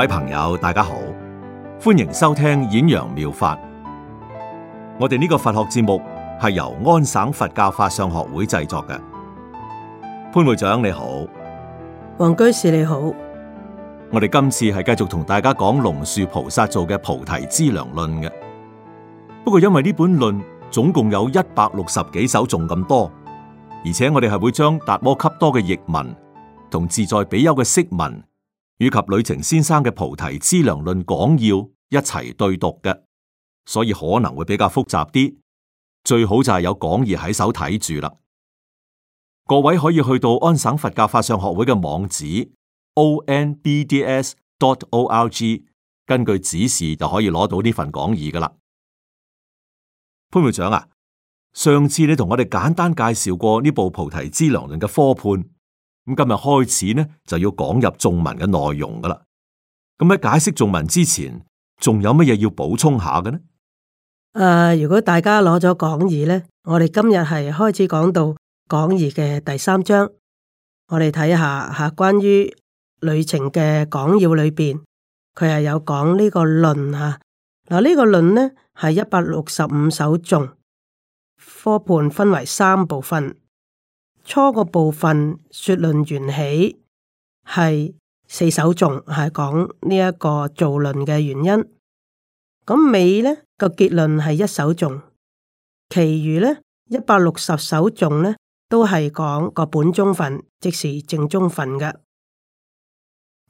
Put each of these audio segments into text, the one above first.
各位朋友，大家好，歡迎收聽演揚妙，妙法。我哋呢個佛學節目係由安省佛教法相學會製作嘅。潘會長你好，黃居士你好，我哋今次係繼續同大家講龍樹菩薩做嘅《菩提資糧論》嘅。不過因為呢本論總共有一百六十幾首，仲咁多，而且我哋係會將達摩笈多嘅譯文同自在比丘嘅釋文。以及呂澄先生嘅《菩提資糧論講要》一齊對讀嘅，所以可能會比較複雜啲。最好就係有講義喺手睇住啦。各位可以去到安省佛教法相學會嘅網址 o n b d s dot o r g，根據指示就可以攞到呢份講義噶啦。潘會長啊，上次你同我哋簡單介紹過呢部《菩提資糧論》嘅科判。今日開始呢，就要講入頌文嘅內容噶啦。咁喺解釋頌文之前，仲有乜嘢要補充下嘅呢？誒、呃，如果大家攞咗講義呢，我哋今日係開始講到講義嘅第三章。我哋睇下下關於旅程嘅講要裏邊，佢係有講、啊這個、呢個論吓。嗱，呢個論呢係一百六十五首頌，科判分為三部分。初個部分說論緣起係四首頌，係講呢一個造論嘅原因。咁尾呢個結論係一首頌，其餘呢一百六十首頌呢都係講個本宗分，即是正宗分嘅。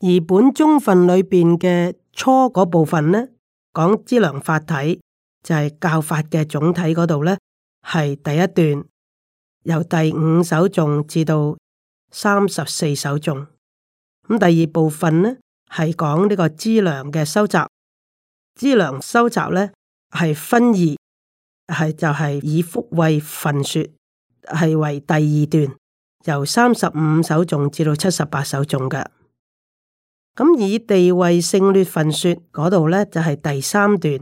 而本宗分裏邊嘅初嗰部分呢，講資糧法體就係、是、教法嘅總體嗰度呢，係第一段。由第五首頌至到三十四首頌，咁第二部分呢，係講呢個資糧嘅收集。資糧收集呢，係分二，係就係、是、以福慧分說係為第二段，由三十五首頌至到七十八首頌嘅。咁以地位勝劣分說嗰度呢，就係、是、第三段，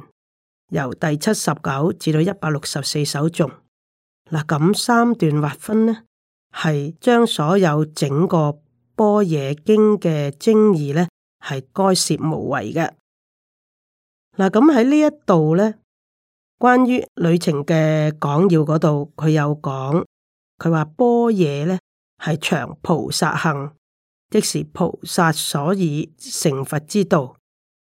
由第七十九至到一百六十四首頌。嗱，咁三段劃分呢，係將所有整個般若經嘅精義呢，係該涉無遺嘅。嗱，咁喺呢一度呢，關於旅程嘅講要嗰度，佢有講，佢話般若呢，係長菩薩行，即是菩薩所以成佛之道。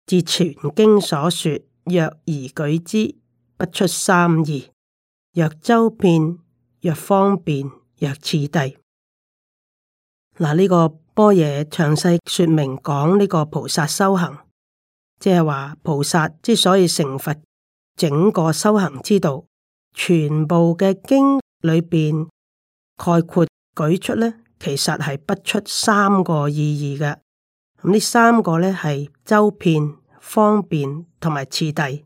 自全經所說，約而舉之，不出三義。若周遍，若方便，若次第。嗱，呢個般若詳細說明講呢個菩薩修行，即係話菩薩之所以成佛，整個修行之道，全部嘅經裏邊概括舉出咧，其實係不出三個意義嘅。咁呢三個咧係周遍、方便同埋次第。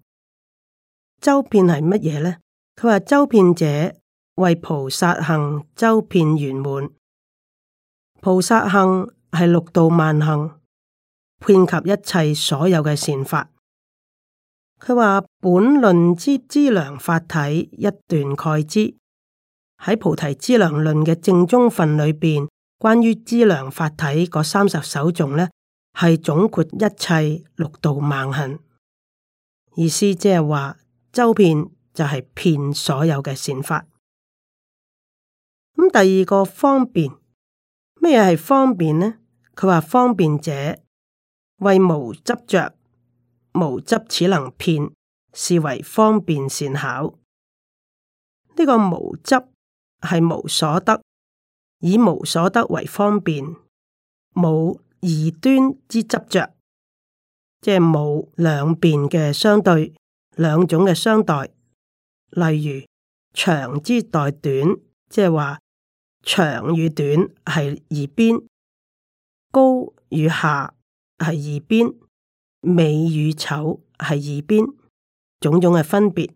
周遍係乜嘢咧？佢話周遍者為菩薩行周遍圓滿，菩薩行係六度萬行，遍及一切所有嘅善法。佢話本論之資糧法體一段概之，喺菩提資糧論嘅正宗分裏邊，關於資糧法體嗰三十首頌呢，係總括一切六度萬行。意思即係話周遍。就係騙所有嘅善法。咁、嗯、第二個方便咩嘢係方便呢？佢話方便者為無執着，無執只能騙，是為方便善巧。呢、這個無執係無所得，以無所得為方便，無二端之執着，即係冇兩邊嘅相對，兩種嘅相待。例如長之代短，即係話，長與短係二邊，高與下係二邊，美與醜係二邊，種種嘅分別。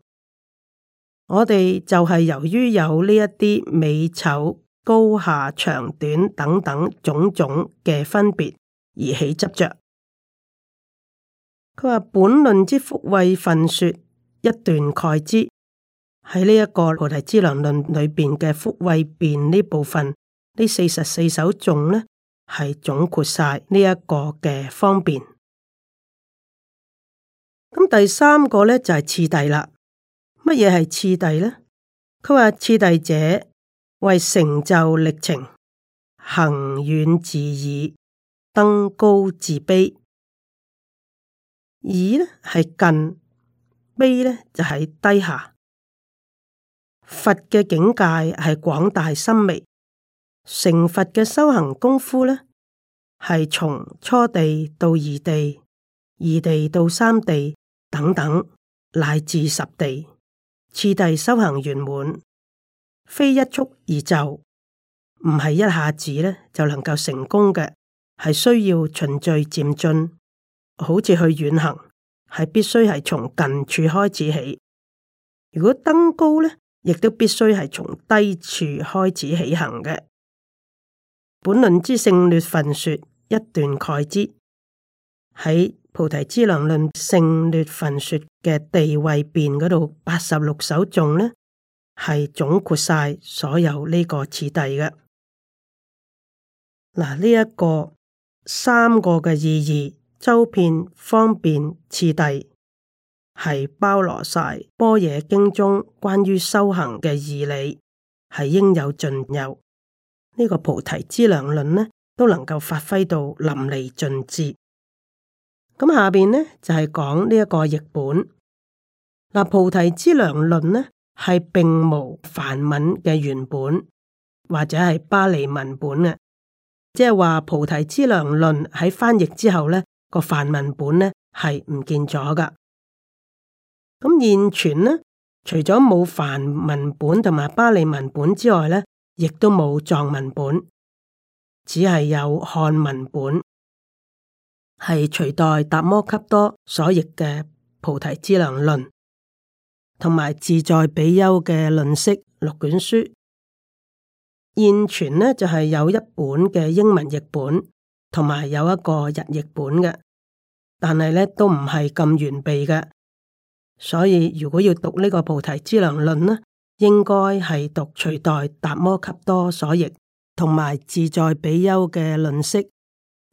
我哋就係由於有呢一啲美醜、高下、長短等等種種嘅分別而起執着。佢話本論之福慧分說一段蓋之。喺呢一個菩提資糧論裏邊嘅福位變呢部分，呢四十四首頌呢係總括晒呢一個嘅方便。咁第三個呢就係、是、次第啦。乜嘢係次第呢？佢話次第者為成就歷程，行遠自邇，登高自卑。邇呢係近呢，卑呢就係、是、低下。佛嘅境界係廣大深微，成佛嘅修行功夫呢，係從初地到二地、二地到三地等等，乃至十地，次第修行圓滿，非一蹴而就，唔係一下子呢就能夠成功嘅，係需要循序漸進，好似去遠行，係必須係從近處開始起，如果登高呢，亦都必須係從低處開始起行嘅。本論之勝劣分說一段概之，喺菩提資糧論勝劣分說嘅地位辯嗰度，八十六首頌呢係總括晒所有呢個次第嘅。嗱、啊，呢、這、一個三個嘅意義，周遍、方便、次第。係包羅曬《般若經》中關於修行嘅義理，係應有盡有。呢個《菩提資糧論》呢都能夠發揮到淋漓盡致。咁下邊呢就係講呢一個譯本。嗱，《菩提資糧論》呢係並無梵文嘅原本或者係巴利文本嘅，即係話《菩提資糧論》喺翻譯之後呢個梵文本呢係唔見咗噶。咁現存呢，除咗冇梵文本同埋巴利文本之外呢，亦都冇藏文本，只係有漢文本，係隋代達摩笈多所譯嘅《菩提資糧論》，同埋自在比丘嘅《論釋六卷書》。現存呢，就係、是、有一本嘅英文譯本，同埋有一個日譯本嘅，但係咧都唔係咁完備嘅。所以如果要讀呢個菩提資糧論呢，應該係讀隋代達摩笈多所譯同埋自在比丘嘅論釋，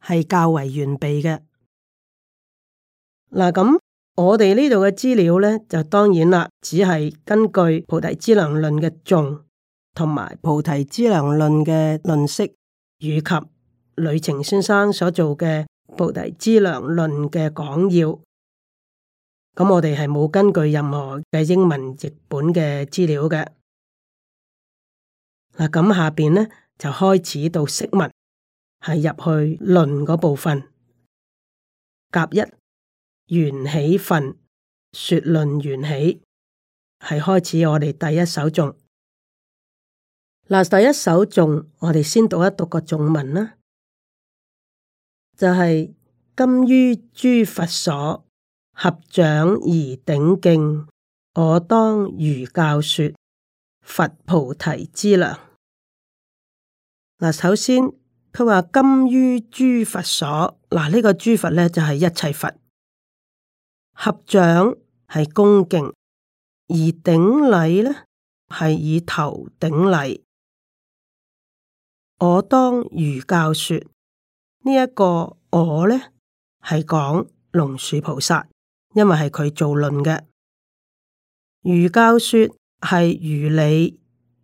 係較為完備嘅。嗱，咁我哋呢度嘅資料呢，就當然啦，只係根據菩提資糧論嘅頌，同埋菩提資糧論嘅論釋，以及呂澂先生所做嘅菩提資糧論嘅講要。咁我哋係冇根據任何嘅英文譯本嘅資料嘅。嗱，咁下邊咧就開始到釋文，係入去論嗰部分。甲一緣起分說論緣起，係開始我哋第一首頌。嗱，第一首頌我哋先讀一讀個頌文啦，就係、是、今於諸佛所。合掌而頂敬，我當如教說佛菩提資糧。嗱，首先佢話，今於諸佛所，嗱、這、呢個諸佛咧就係一切佛。合掌係恭敬，而頂禮咧係以頭頂禮。我當如教說，呢、這、一個我咧係講龍樹菩薩。因為係佢造論嘅，如教說係如理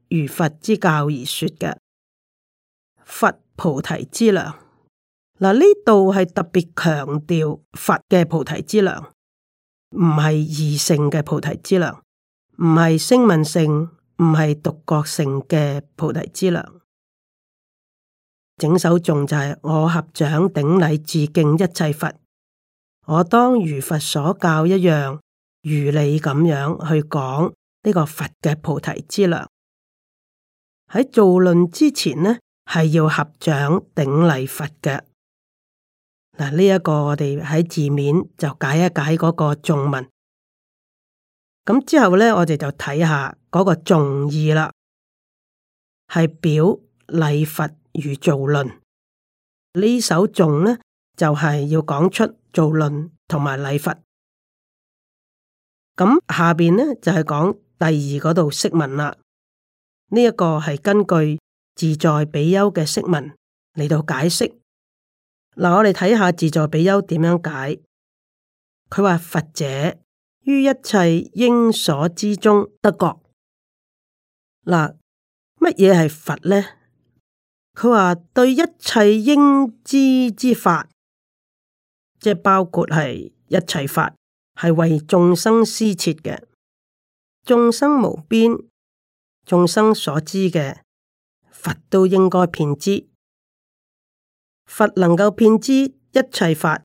如佛之教而說嘅，佛菩提之糧。嗱，呢度係特別強調佛嘅菩提之糧，唔係二性嘅菩提之糧，唔係聲聞性，唔係獨覺性嘅菩提之糧。整首頌就係我合掌頂禮致敬一切佛，我當如佛所教一樣，如你咁樣去講呢個佛嘅菩提資糧。喺造論之前呢，係要合掌頂禮佛嘅。嗱，呢一個我哋喺字面就解一解嗰個頌文。咁之後呢，我哋就睇下嗰個頌義啦，係表禮佛與造論呢首頌呢，就係要講出造論同埋禮佛，咁下邊呢就係、是、講第二度釋文啦。呢、這、一個係根據自在比丘嘅釋文嚟到解釋。嗱，我哋睇下自在比丘點樣解。佢話佛者於一切應所之中得覺。嗱，乜嘢係佛呢？佢話對一切應知之法。即包括係一切法，係為眾生施設嘅。眾生無邊，眾生所知嘅，佛都應該遍知。佛能夠遍知一切法，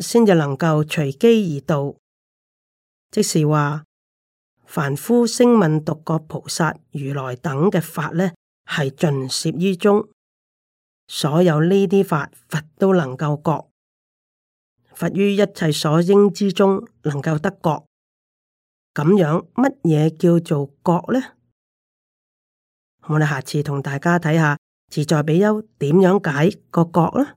先至能夠隨機而度。即是話凡夫、聲聞、獨覺、菩薩、如來等嘅法咧，係盡攝於中。所有呢啲法，佛都能夠覺。佛於一切所應之中，能夠得覺。咁樣，乜嘢叫做覺呢？我哋下次同大家睇下自在比丘點樣解，解個覺呢？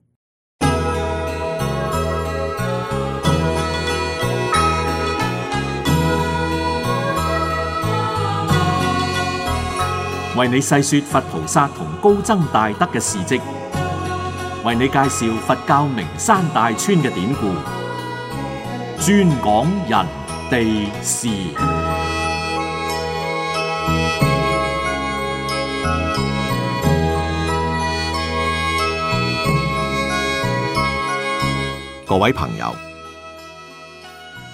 為你細說佛菩薩同高僧大德嘅事跡。為你介紹佛教名山大川嘅典故，專講人地事。各位朋友，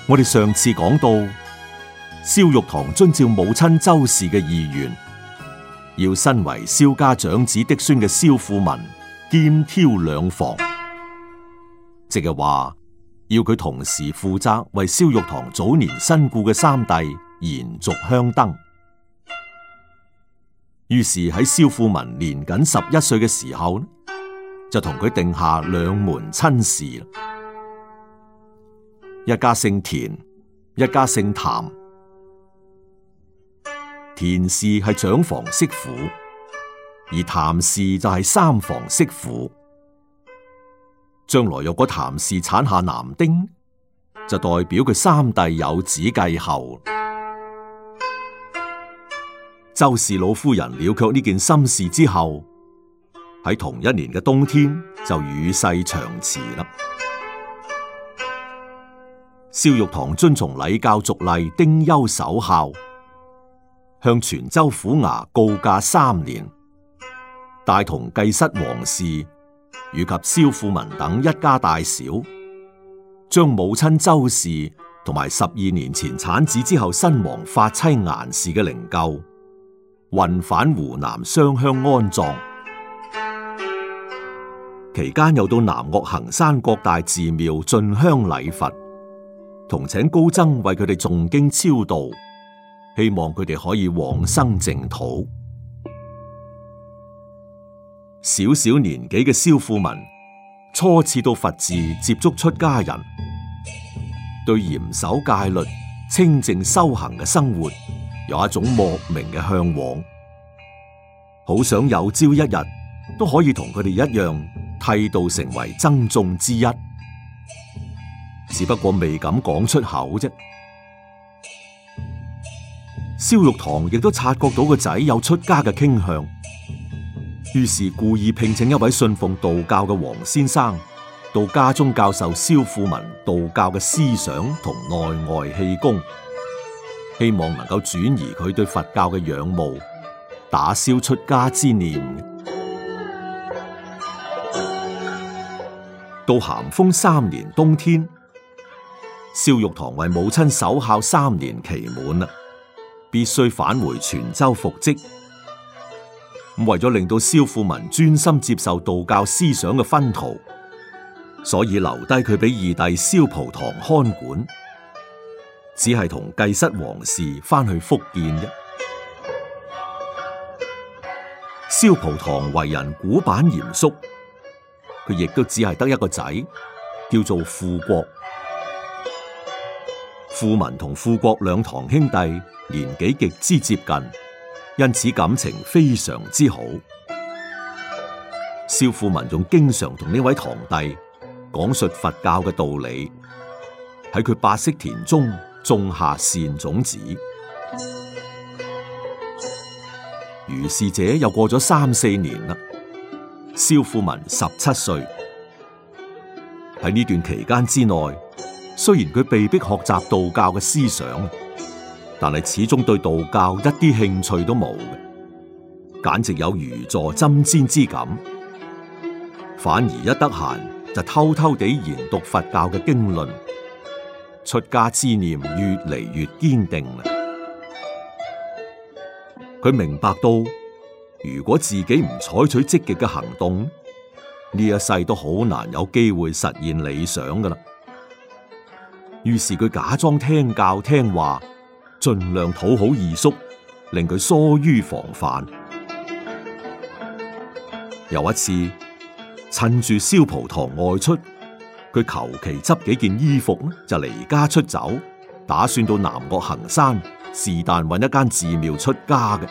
我哋上次講到，蕭玉堂遵照母親周氏嘅意願，要身為蕭家長子嫡孫嘅蕭富民。兼挑兩房，即係話要佢同時負責為蕭玉堂早年身故嘅三弟延續香燈。於是喺蕭富民年僅十一歲嘅時候，就同佢定下兩門親事。一家姓田，一家姓譚。田氏係長房媳婦。而譚氏就係三房媳婦，將來若果譚氏產下男丁，就代表佢三弟有子繼後。周氏老夫人了卻呢件心事之後，喺同一年嘅冬天就與世長辭啦。蕭玉堂遵從禮教族例，丁憂守孝，向泉州府衙告假三年。大同帶同繼室王氏以及蕭富民等一家大小，將母親周氏同埋十二年前產子之後身亡髮妻顏氏嘅靈柩運返湖南湘鄉安葬。期間又到南岳衡山各大寺廟進香禮佛，同請高僧為佢哋誦經超度，希望佢哋可以往生淨土。小小年紀嘅蕭富民初次到佛寺接觸出家人，對嚴守戒律、清淨修行嘅生活，有一種莫名嘅向往，好想有朝一日都可以同佢哋一樣剃度成為僧眾之一，只不過未敢講出口啫。蕭玉堂亦都察覺到個仔有出家嘅傾向。於是故意聘請一位信奉道教嘅黃先生到家中教授蕭富文道教嘅思想同內外氣功，希望能夠轉移佢對佛教嘅仰慕，打消出家之念。到咸豐三年冬天，蕭玉堂為母親守孝三年期滿，必須返回泉州復職。咁為咗令到蕭富民專心接受道教思想嘅熏陶，所以留低佢俾二弟蕭蒲堂看管，只係同繼室王氏翻去福建啫。蕭蒲堂為人古板嚴肅，佢亦都只係得一個仔，叫做富國。富民同富國兩堂兄弟年紀極之接近。因此感情非常之好。蕭富文仲經常同呢位堂弟講述佛教嘅道理，喺佢八識田中種下善種子。於是者又過咗三四年啦，蕭富文十七歲。喺呢段期間之內，雖然佢被逼學習道教嘅思想。但係始終對道教一啲興趣都冇，簡直有如坐針氈之感。反而一得閒就偷偷地研讀佛教嘅經論，出家之念越嚟越堅定啦。佢明白到，如果自己唔採取積極嘅行動，呢一世都好難有機會實現理想噶啦。於是佢假裝聽教聽話。盡量討好二叔，令佢疏於防範。有一次，趁住蕭蒲堂外出，佢求其執幾件衣服就離家出走，打算到南岳行山，是但揾一間寺廟出家嘅。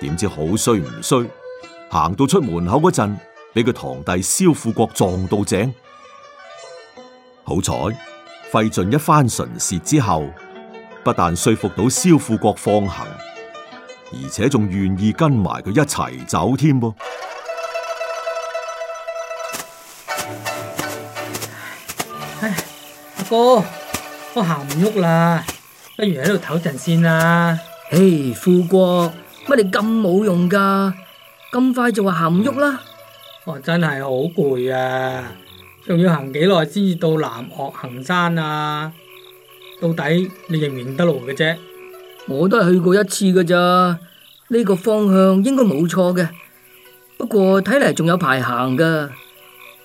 點知好衰唔衰，行到出門口嗰陣，俾佢堂弟蕭富國撞到正。好彩，費盡一番唇舌之後。不但說服到蕭富國放行，而且仲願意跟埋佢一齊走添噃。唉，阿哥，我行唔喐啦，不如喺度唞陣先啦。唉，富國，乜你咁冇用噶？咁快就話行唔喐啦？我真係好攰啊，仲要行幾耐先至到南岳衡山啊？到底你認唔認得路嘅啫？我都係去過一次嘅咋，呢個方向應該冇錯嘅。不過睇嚟仲有排行噶。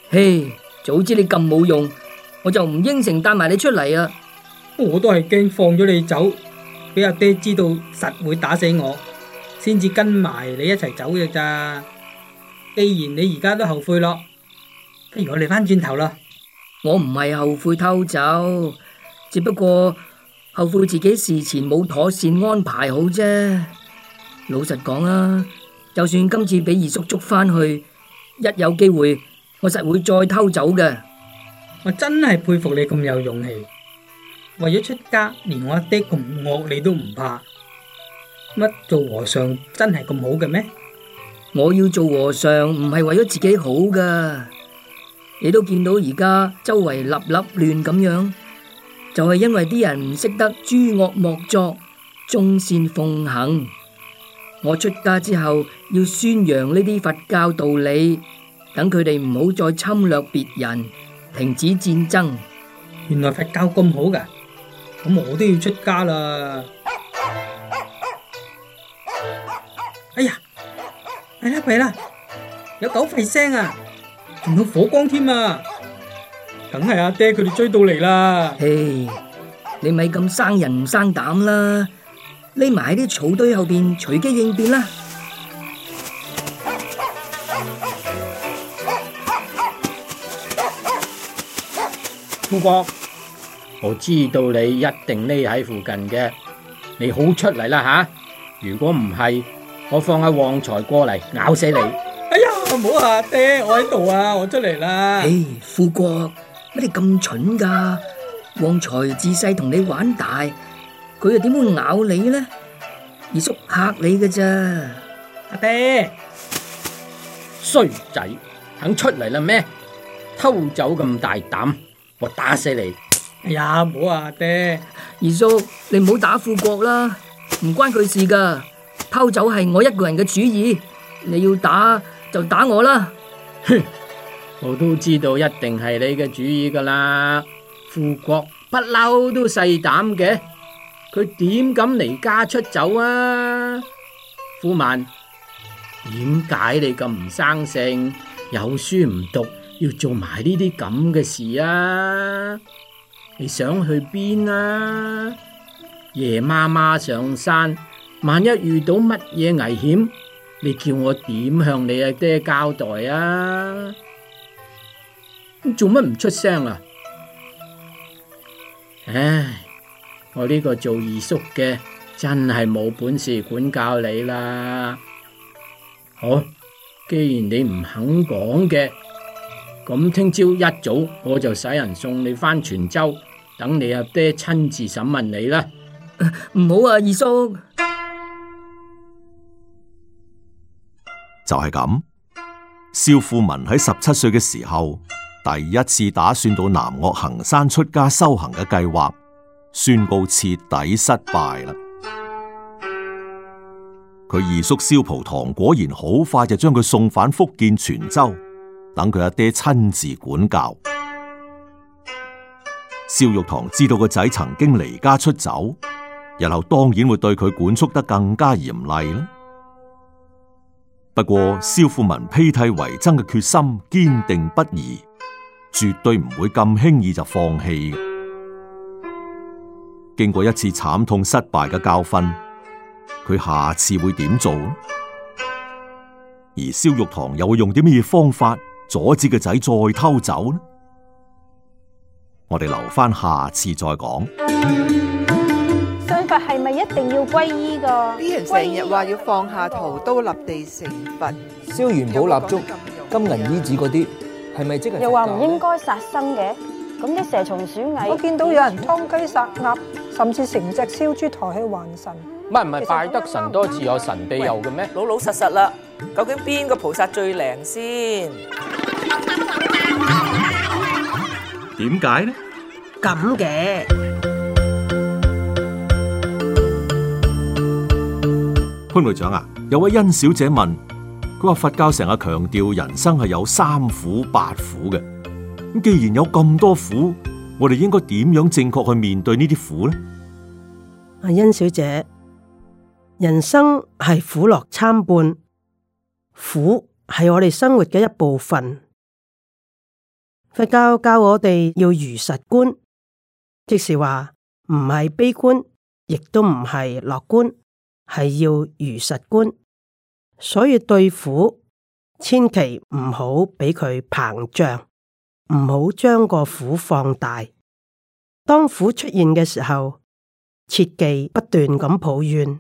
嘿，早知你咁冇用，我就唔應承帶埋你出嚟啊。我都係驚放咗你走，俾阿爹知道實會打死我，先至跟埋你一齊走嘅咋。既然你而家都後悔咯，不如我哋翻轉頭啦。我唔係後悔偷走。只不過後悔自己事前冇妥善安排好啫。老實講啊，就算今次俾二叔捉翻去，一有機會我實會再偷走嘅。我真係佩服你咁有勇氣，為咗出家連我阿爹咁惡你都唔怕。乜做和尚真係咁好嘅咩？我要做和尚唔係為咗自己好㗎，你都見到而家周圍立立亂咁樣。就係因為啲人唔識得諸惡莫作，眾善奉行。我出家之後要宣揚呢啲佛教道理，等佢哋唔好再侵略別人，停止戰爭。原來佛教咁好噶，咁我都要出家啦。哎呀，係啦，弊啦，有狗吠聲啊，仲有火光添啊！梗係阿爹佢哋追到嚟啦！嘿，hey, 你咪咁生人唔生膽啦，匿埋喺啲草堆後邊，隨機應變啦！富國，我知道你一定匿喺附近嘅，你好出嚟啦吓！如果唔係，我放喺、啊、旺財過嚟咬死你！哎呀，唔好阿爹，我喺度啊，我出嚟啦！嘿，hey, 富國。乜你咁蠢噶！旺財自細同你玩大，佢又點會咬你呢？二叔吓你噶啫，阿爹！衰仔，肯出嚟啦咩？偷走咁大膽，我打死你！哎呀，唔好啊，爹！二叔，你唔好打富國啦，唔關佢事噶。偷走係我一個人嘅主意，你要打就打我啦！哼！我都知道，一定係你嘅主意噶啦。富國不嬲都細膽嘅，佢點敢離家出走啊？富文，點解你咁唔生性？有書唔讀，要做埋呢啲咁嘅事啊？你想去邊啊？夜媽媽上山，萬一遇到乜嘢危險，你叫我點向你阿爹交代啊？做乜唔出聲啊？唉，我呢個做二叔嘅真係冇本事管教你啦。好，既然你唔肯講嘅，咁聽朝一早我就使人送你返泉州，等你阿爹親自審問你啦。唔好啊，二叔就係咁。蕭富文喺十七歲嘅時候。第一次打算到南嶽衡山出家修行嘅計劃，宣告徹底失敗啦。佢二叔蕭蒲堂果然好快就將佢送返福建泉州，等佢阿爹親自管教。蕭玉堂知道個仔曾經離家出走，日後當然會對佢管束得更加嚴厲啦。不過蕭富民披剃為僧嘅決心堅定不移。絕對唔會咁輕易就放棄。經過一次慘痛失敗嘅教訓，佢下次會點做？而蕭玉堂又會用啲咩嘢方法阻止個仔再偷走？我哋留翻下，下次再講。信佛係咪一定要皈依噶？啲人成日話要放下屠刀立地成佛，燒元寶蠟燭、金銀衣紙嗰啲。係咪即係又話唔應該殺生嘅？咁啲蛇蟲鼠蟻，我見到有人劏雞殺鴨，甚至成隻燒豬抬去還神。乜唔係拜得神多自有神庇佑嘅咩？老老實實啦，究竟邊個菩薩最靈先？點解呢？咁嘅潘會長啊，有位殷小姐問。嗰個佛教成日強調人生係有三苦八苦嘅，既然有咁多苦，我哋應該點樣正確去面對呢啲苦呢？阿欣小姐，人生係苦樂參半，苦係我哋生活嘅一部分。佛教教我哋要如實觀，即是話唔係悲觀，亦都唔係樂觀，係要如實觀。所以對，對苦千祈唔好俾佢膨脹，唔好將個苦放大。當苦出現嘅時候，切忌不斷咁抱怨。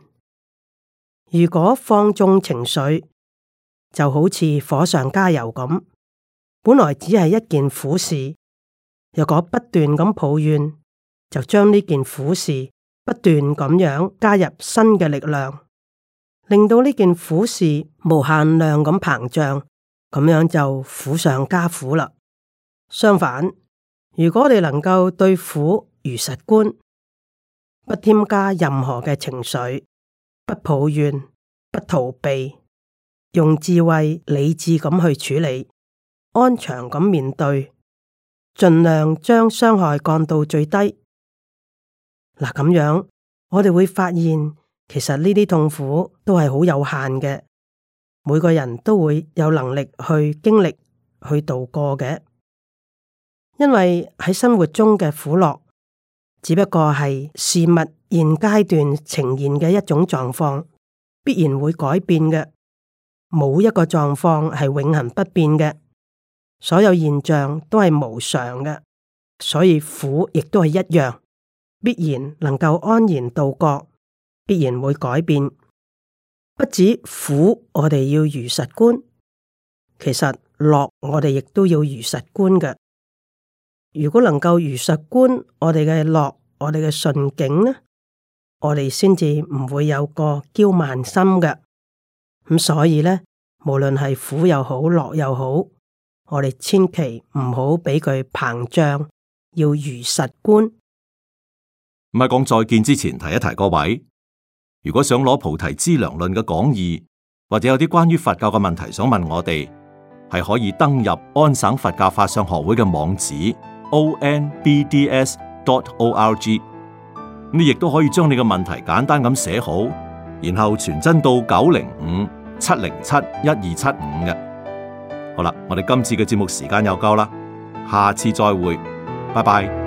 如果放縱情緒，就好似火上加油咁。本來只係一件苦事，若果不斷咁抱怨，就將呢件苦事不斷咁樣加入新嘅力量。令到呢件苦事無限量咁膨脹，咁樣就苦上加苦啦。相反，如果你能夠對苦如實觀，不添加任何嘅情緒，不抱怨，不逃避，用智慧、理智咁去處理，安詳咁面對，盡量將傷害降到最低。嗱，咁樣我哋會發現。其實呢啲痛苦都係好有限嘅，每個人都會有能力去經歷，去度過嘅。因為喺生活中嘅苦樂，只不過係事物現階段呈現嘅一種狀況，必然會改變嘅。冇一個狀況係永恆不變嘅，所有現象都係無常嘅，所以苦亦都係一樣，必然能夠安然度過。必然會改變，不止苦我哋要如實觀，其實樂我哋亦都要如實觀嘅。如果能夠如實觀，我哋嘅樂，我哋嘅順境呢，我哋先至唔會有個驕慢心嘅。咁、嗯、所以呢，無論係苦又好，樂又好，我哋千祈唔好俾佢膨脹，要如實觀。唔係講再見之前提一提各位。如果想攞《菩提資糧論》嘅講義，或者有啲關於佛教嘅問題想問我哋，係可以登入安省佛教法相學會嘅網址 o n b d s dot o r g。你亦都可以將你嘅問題簡單咁寫好，然後傳真到九零五七零七一二七五嘅。好啦，我哋今次嘅節目時間又夠啦，下次再會，拜拜。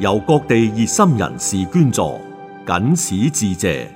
由各地熱心人士捐助，謹此致謝。